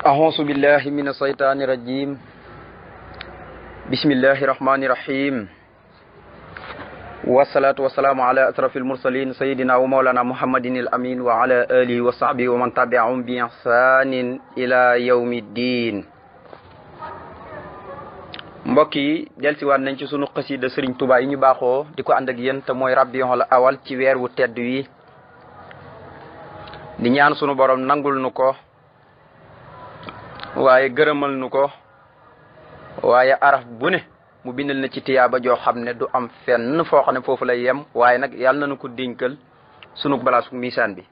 أعوذ بالله من الشيطان الرجيم بسم الله الرحمن الرحيم والصلاة والسلام على أشرف المرسلين سيدنا ومولانا محمد الأمين وعلى آله وصحبه ومن تبعهم بإحسان إلى يوم الدين mbokk yi delsiwaat nañ ci sunu xasida Sëriñ Tuubaa yi ñu baaxoo di ko ànd ak yéen te mooy Rabiul Awal ci weer wu tedd wi di ñaan sunu borom nangul nu ko waaye gërëmal nu ko waaye araf bu ne mu bindal na ci tiyaaba joo xam ne du am fenn foo xam ne foofu lay yem waaye nag yàlla na nu ko dénkal sunu balaasu misaan bi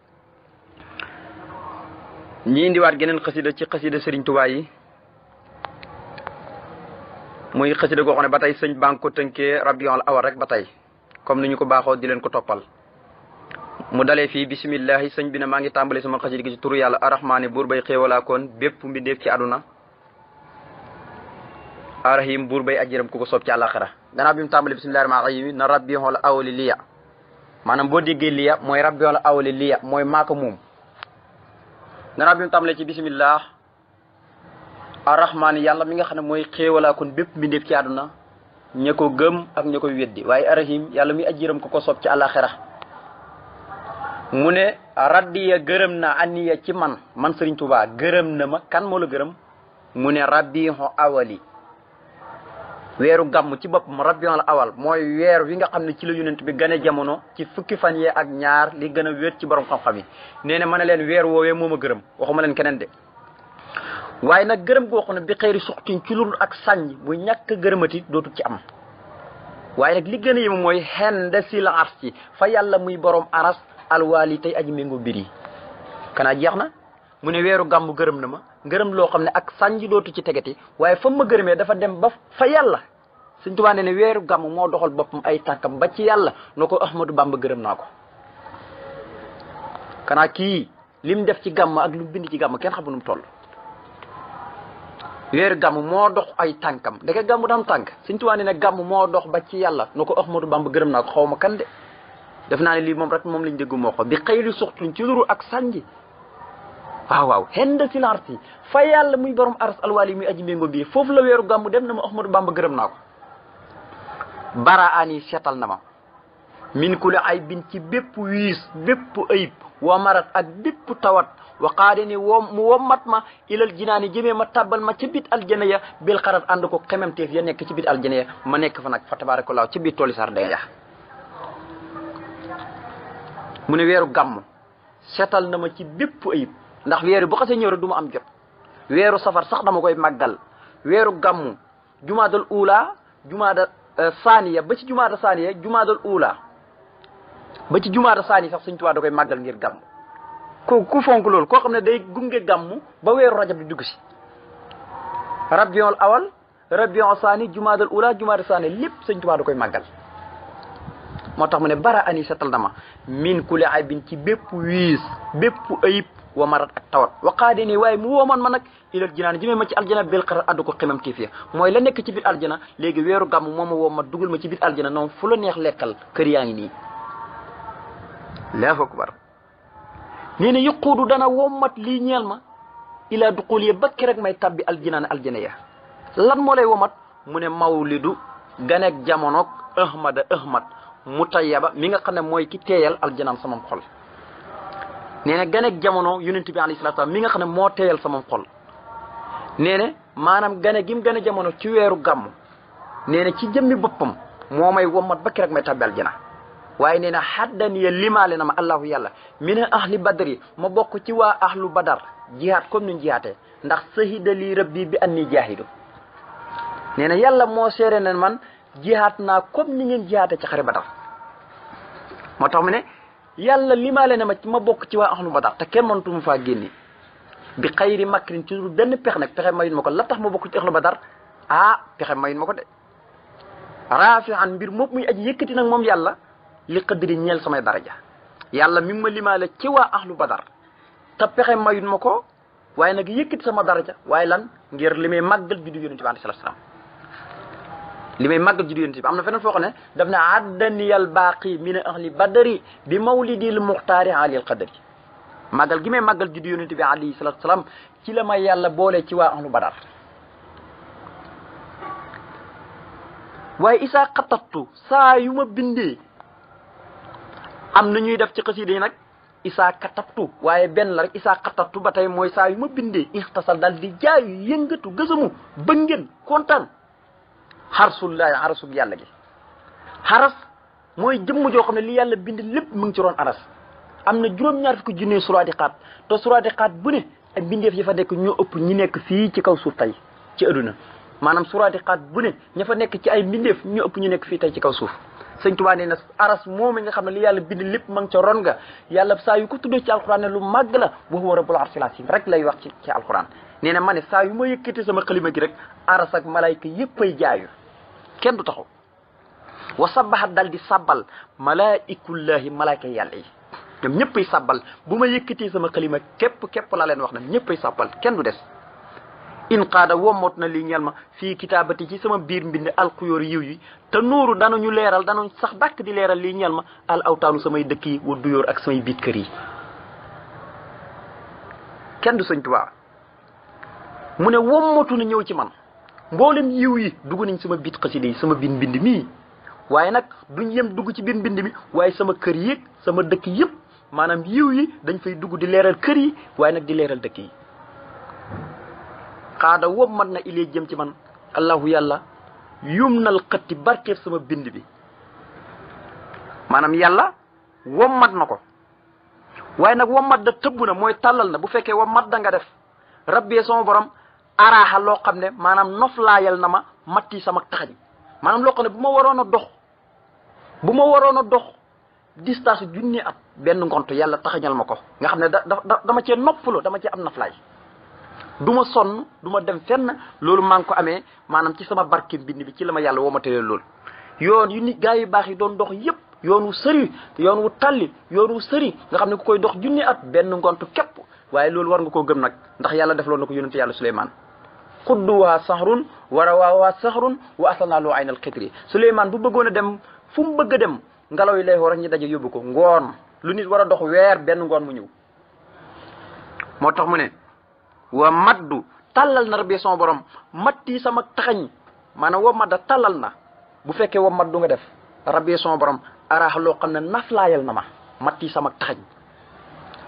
ñi indiwaat geneen xasida ci xasida sëriñ Tuubaa yi muy xasida goo xam ne ba tey sëñ baa ngi ko tënkee rabion al awal rek ba tey comme ni ñu ko baaxoo di leen ko toppal mu dalee fii bisimillahi sëñ bi na maa ngi tàmbali sama xasida gi ci turu yàlla arrahmaani buur bay xéewalaakoon bépp mbindeef ci aduna arrahim buur bay ajiram ku ko soob ci àllaaxira gannaaw bi mu tàmbali bisimillahi rahmaani rahim na rabbi xool awali liya maanaam boo déggee mooy rabbi xool awali liya mooy maaka moom gannaaw bi mu tàmbalee ci bismillah yàlla mi nga xam ne mooy xéewalaakoon bépp mbindeef ci aduna ña ko gëm ak ña koy weddi waaye arrahim yàlla mi ajiram ku ko soob ci àllaaxira mu ne rabbiya gërëm na anniya ci man man Sëriñ Tuubaa gërëm na ma kan moo gërëm mu ne rabiixu awali weeru gàmm ci boppam rabiixul awal mooy weer wi nga xam ne ci la yonent bi gane jamono ci fukki fan yee ak ñaar li gën a wér ci borom xam-xam yi nee na ma ne leen weer woowee moo ma gërëm waxuma leen keneen de waaye nag gërëm goo xam ne bi xëyri suxtin ci lul ak sànj bu ñàkk gërëmati dootul ci am waaye nag li gën a mooy xen si la ars ci fa yàlla muy borom aras alwaali tey aj méngoo biri yi kanaa jeex na mu ne weeru gàmmu gërëm na ma ngërëm loo xam ne ak sànji dootu ci tegati waaye fa ma gërëmee dafa dem ba fa yàlla Sëñ ne weeru gàmmu moo doxal boppam ay tànkam ba ci yàlla no ko Ahmadou Bamba gërëm naa ko kanaa kii lim def ci gàmm ak lu bind ci gàmm kenn xamu nu mu toll moo dox ay tànkam ndeke gàmmu daam tànk Sëñ Tuubaa ne ne moo dox ba ci yàlla no ko Ahmadou Bamba gërëm naa ko xaw ma kan de def naa ne lii moom rek moom lañ dégg moo ko bi xëyli suxtuñ ci luru ak sànji waaw waaw xenda silence yi fa yàlla muy borom aras alwali muy aji mbéngo bii foofu la weeru gàmmu dem na ma Ahmadou Bamba gërëm naa ko bara ani seetal na ma min ku la ay bin ci bépp wiis bépp ayib wa marat ak bépp tawat waxaade ni woo mu wommat ma ilal jinaani jëmee ma tabbal ma ci bit aljana ya bil xarat ànd ko xememteef ya nekk ci bit aljana ya ma nekk fa nag fa tabaarakallah ci bit tooli sar mu ne weeru gàmm setal na ma ci bépp ayib ndax weeru bu xasee ñëw rek du ma am jot weeru safar sax dama koy màggal weeru gàmm jumaadal ula jumaada euh, saaniya ba ci jumaada saaniya jumaadal uula ba ci jumaada saaniya sax Sëñ Tuubaa da koy màggal ngir gàmm ko ku fonk lool koo xam ne day gunge gàmm ba weeru rajab di dugg si rabiul awal rabiul saani jumaadal uula jumaada saaniya lépp Sëñ Tuubaa da koy màggal moo tax mu ne bara ani setal dama min kule aybin ci bépp wiis bépp ayib wa marat ak tawat waqaade nii waaye mu woomoon ma nag ilal jinaan jëmee ma ci aljana bil xarar addu ko ximam tiif ya mooy la nekk ci biir aljana léegi weeru gàmm moom woo ma dugal ma ci biir aljana noonu fu la neex lekkal kër yaa ngi nii allahu akbar nee na yuquudu dana wommat lii ñeel ma ilaa duqul ya bakki rek may tabbi aljinaan aljana ya lan moo lay womat mu ne mawlidu ganek jamonoog ahmada mu mutayaba mi nga xam ne mooy ki teeyal aljanam sama xol nee na ganeeg jamono yonent bi alayhi salaatu mi nga xam ne moo teeyal sama xol nee na maanaam gane gim gane jamono ci weeru gàmm nee na ci jëmmi boppam moo may wommat ba keroog may tàbbi aljana waaye nee na xaddaniya limaale na ma allahu yàlla min ahli badri ma bokk ci waa ahlu badar jihaat kom ni jihaatee ndax sahida lii rabbi bi anni jaahidu nee na yàlla moo seere na man jihaat naa comme ni ngeen jihaate ci xare badar moo tax mu ne yàlla limaale na ma ci ma bokk ci waa ahlu badar te kenn mënatu mu faa génne bi xayri makrin ci dul benn pexe nag pexe mayun ma ko la tax ma bokk ci ahlu badar ah pexe mayun ma ko de raafian mbir mop muy aji yëkkati nag moom yàlla li qadri ñeel samay daraja yàlla mi ma limaale ci waa ahlu badar te pexe mayun ma ko waaye nag yëkkati sama daraja waaye lan ngir li may màggal juddu yonente bi alayhi salaam li may màggal juddu yonent bi am na feneen foo xam ne daf na addaniyal baaqi min ahli badari bi mawlidil muxtaari alil qadari màggal gi may màggal juddu yonent salaam ci la may yàlla boole ci waa ahlu badar waaye isaa xatattu saa yu ma am na ñuy def ci xasida yi nag isaa xatattu waaye benn la rek isaa xatattu ba tey mooy saa yu ma bindee ixtasal daal di jaay yëngatu gësamu bëngeen kontaan xarsullahi arasug yàlla gi xaras mooy jëmm joo xam ne li yàlla bind lépp mu ngi ci roon aras am na juróom-ñaar fukki junne suraadiqaat te suraadiqaat bu ne ak bindeef yi fa nekk ñu ëpp ñu nekk fii ci kaw suuf tey ci adduna maanaam suraadiqaat bu ne ña fa nekk ci ay bindeef ñoo ëpp ñu nekk fii tey ci kaw suuf sëñ Tuubaa nee na aras moom nga xam ne li yàlla bind lépp ma ngi ca ron nga yàlla saa yu ko tuddee ci alxuraan ne lu màgg la wa huwa rabbul arsil azim rek lay wax ci ci alxuraan nee na ma ne saa yu ma sama xalima gi rek aras ak malayka yëpp ay jaayu kenn du taxaw wa sabbahat dal di sabbal malaa'ikullaahi malaaka yàlla yi ñoom ñëppay sabbal bu ma yëkkatee sama xalima képp képp laa leen wax nag ñëppay sabbal kenn du des in qaada wommoot na lii ñel ma fii kitaabati ci sama biir mbind alxuyóor yiw yi te nuuru ñu leeral danañ sax dàkk di leeral lii ñel ma al awtaanu samay dëkk yi du duyóor ak samay biit kër yi kenn du sëñ Tuubaa mu ne wommatu na ñëw ci man mboolem yiw yi dugg nañ sama biit xasida yi sama biin mbind mii waaye nag duñ yem dugg ci biir mbind mi waaye sama kër yéeg sama dëkk yëpp maanaam yiw yi dañ fay dugg di leeral kër yi waaye nag di leeral dëkk yi xaada woobu man na ilee jëm ci man allahu yàlla yum nal xëtti sama bind bi maanaam yàlla mat na ko waaye nag wommat da tëbb na mooy tàllal na bu fekkee wommat da nga def rabbi sama borom araaxal loo xam ne maanaam noflaayal na ma matti sama taxañ maanaam loo xam ne bu ma waroon a dox bu ma waroon a dox distance junni at benn ngont yàlla taxañal ma ko nga xam ne da da dama cee noppaloo dama cee am naflaay du ma sonn du ma dem fenn loolu maa ngi ko amee maanaam ci sama barke mbind bi ci la ma yàlla woo ma tëlee loolu yoon yu nit gaa yi baax yi doon dox yépp yoon wu sëri yoon wu talli yoon wu sëri nga xam ne ku koy dox junni at benn ngont képp waaye loolu war nga koo gëm nag ndax yàlla def loon na ko yonente yàlla Suleymaan waa xudduwaa sahrun wa waa sahrun wa asalnaa loo aynal xitri Suleymaan bu bëggoona dem fu mu bëgg dem ngelaw yi lay war ñu daje yóbbu ko ngoon lu nit war a dox weer benn ngoon mu ñëw moo tax mu ne wa maddu tàllal na rabbi sama borom matti sama taxañ maanaam wa madda tàllal na bu fekkee wa maddu nga def rabbi sama borom araax loo xam ne naflaayal na ma matti sama taxañ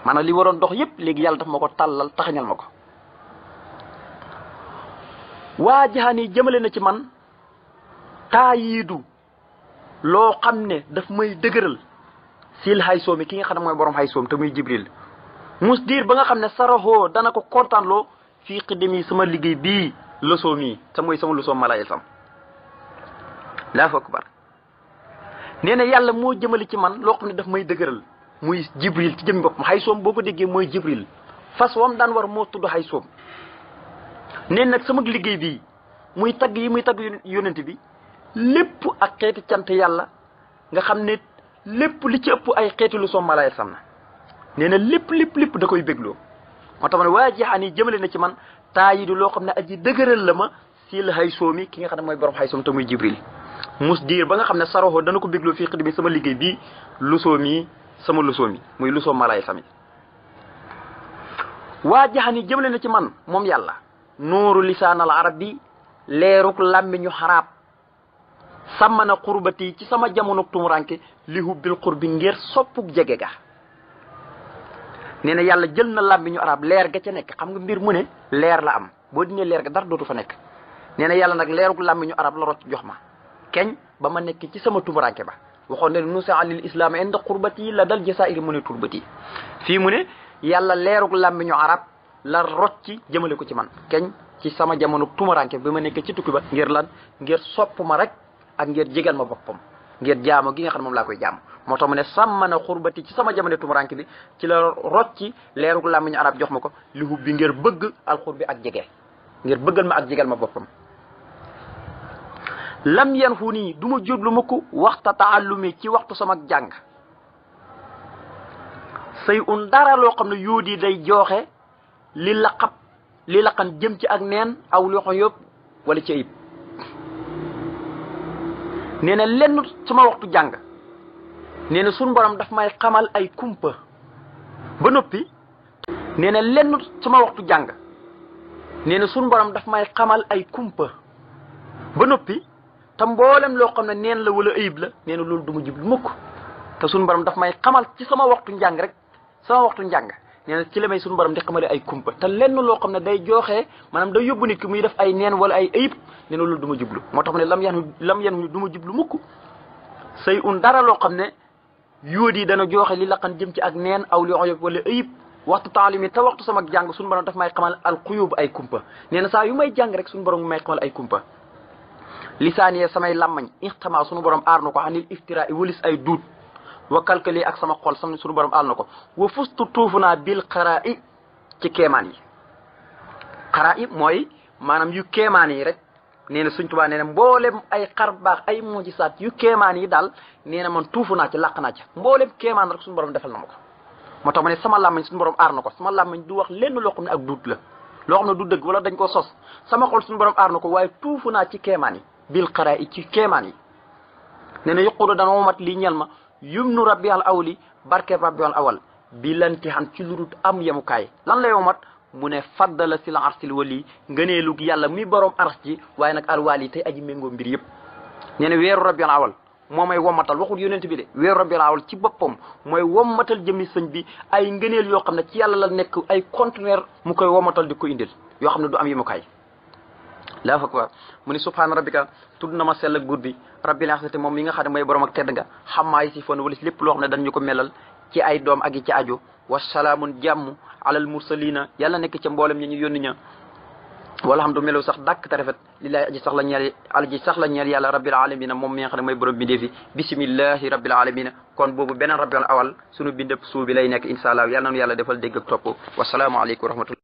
maanaam li waroon dox yépp léegi yàlla daf ma ko tàllal taxañal ma ko waa jaxani jëmale na ci man taayiidu loo xam ne daf may dëgëral sil hay soomi ki nga xam ne mooy borom hay soom te muy jibril mus diir ba nga xam ne saraxoo dana ko kontaanloo fii xidimi sama liggéey bii lësoo mii te mooy sama lësoo mala sam laahu akbar nee na yàlla moo jëmale ci man loo xam ne daf may dëgëral muy jibril ci jëmi boppam hay soom boo ko déggee mooy jibril fas wam daan war moo tudd hay soom ne nag sama liggéey bi muy tagg yi muy tagg yonent bi lépp ak xeeti cant yàlla nga xam ne lépp li ci ëpp ay xeeti lu som malaay sam na nee na lépp lépp lépp da koy bégloo moo tax ne waa jeexaan yi jëmale na ci man yi du loo xam ne aji dëgëral la ma sil hay soomi ki nga xam ne mooy borom hay soom muy jibril mus diir ba nga xam ne saroxoo dana ko bégloo fii xiddi bi sama liggéey bi lu lusoom yi sama lusoom yi muy lusoom malaay sami waa jeexaan yi jëmale na ci man moom yàlla nuuru lisaanal arab bi leeruk làmmiñu xaraab sàmmana xurbati ci sama jamonok tumuranke li hubbil xurbi ngir soppuk jege ga nee na yàlla jël na làmmiñu arab leer ga ca nekk xam nga mbir mu ne leer la am boo dinee leer ga dara dootu fa nekk nee na yàlla nag leeruk làmmiñu arab la rocc jox ma keñ ba ma nekk ci sama tumuranke ba waxoon ne nusa alil islam inda xurbati la dal jasairi mu ne turbati fii mu ne yàlla leeruk làmmiñu arab la rocci jëmale ko ci man keñ ci sama jamono tumaranke bi ma nekk ci tukki ba ngir lan ngir sopp ma rek ak ngeer jegal ma boppam ngir jaamu gi nga xam ne moom laa koy jaamu moo tax mu ne sàmm na xurbati ci sama jamono tumaranke bi ci la rocci leeruk làmmiñu jox ma ko li bi ngir bëgg alxur bi ak jege ngir bëggal ma ak jegal ma boppam lam yan fu nii du ma jublu mukk waxta taallumi ci waxtu sama jàng say un dara loo xam ne yóodi day jooxe li laqab li laqan jëm ci ak neen aw li waxoon yëpp wala ci ayib nee na lenn sama waxtu jàng nee na suñu borom daf may xamal ay kumpa ba noppi nee na lenn sama waxtu jàng nee na suñu borom daf may xamal ay kumpa ba noppi te mboolem loo xam ne neen la wala ayib la nee na loolu du ma lu mukk te sun borom daf may xamal ci sama waxtu njàng rek sama waxtu njàng nee na ci la may suñu borom di xamale ay kumpa te lenn loo xam ne day jooxee maanaam day yóbbu nit ki muy def ay neen wala ay ayib nee na loolu du ma moo tax mu ne lam lam yan du ma jublu mukk say un dara loo xam ne yóot yi dana jooxe li laqan jëm ci ak neen aw li xoyob wala ayib waxtu taalimi te waxtu sama jàng suñu borom daf may xamal al xuyub ay kumpa nee na saa yu may jàng rek suñu borom may xamal ay kumpa lisaaniye samay làmmañ ixtama suñu borom aar na ko xanil iftira i walis a duut wa kalkali ak sama xol sama suñu borom àll na ko wa fustu tuufu naa bil xaraa i ci keemaan yi xaraa i mooy maanaam yu keemaan yi rek nee na suñ tubaa nee ay xar baax ay mujisaat yu keemaan yi daal nee na man tuufu naa ci làq naa ci mboolem keemaan rek suñu borom defal na ko moo tax ma ne sama làmmañ suñu borom aar na ko sama làmmañ du wax lenn loo xam ak duut la loo xam ne du dëgg wala dañ ko sos sama xol suñu borom aar na ko waaye tuufu naa ci keemaan yi bil xaraa i ci keemaan yi nee na yuqudu dana mat lii ma yumnu rabbi al awli barkeb rabbi al awal bi lanti xan ci lurut am yemukaay lan lay womat mu ne faddala si la arsil wali ngëneelug yàlla muy borom ars ji waaye nag alwaal yi tey aji méngoo mbir yëpp nee na weeru rabbi al awal moo may wommatal waxul yonent bi de weeru rabbi al awal ci boppam mooy wommatal jëmi sëñ bi ay ngëneel yoo xam ne ci yàlla la nekk ay conteneur mu koy wommatal di ko indil yoo xam ne du am yemukaay ka akbar mu ni subhaana rabbika tudd na ma sell ak gudd bi rabbil izzati mi nga xam ne mooy borom ak tedd nga xammaa si foon wala si lépp loo xam ne dañu ko melal ci ay doom ak yi ci aju wasalaamun jàmm alal mursalina yàlla nekk ci mboolem ñi ñu yónni ña wala xam du melaw sax dakk te rafet lillahi aji sax la ñeel alji sax la ñeel yàlla rabbil alamina moom mi nga xam ne mooy borom bi defi bisimillahi rabbil alamina kon boobu beneen rabbil awal sunu bindëb suu bi lay nekk incha allah yàlla nanu yàlla defal dégg ak topp wasalaamu aleykum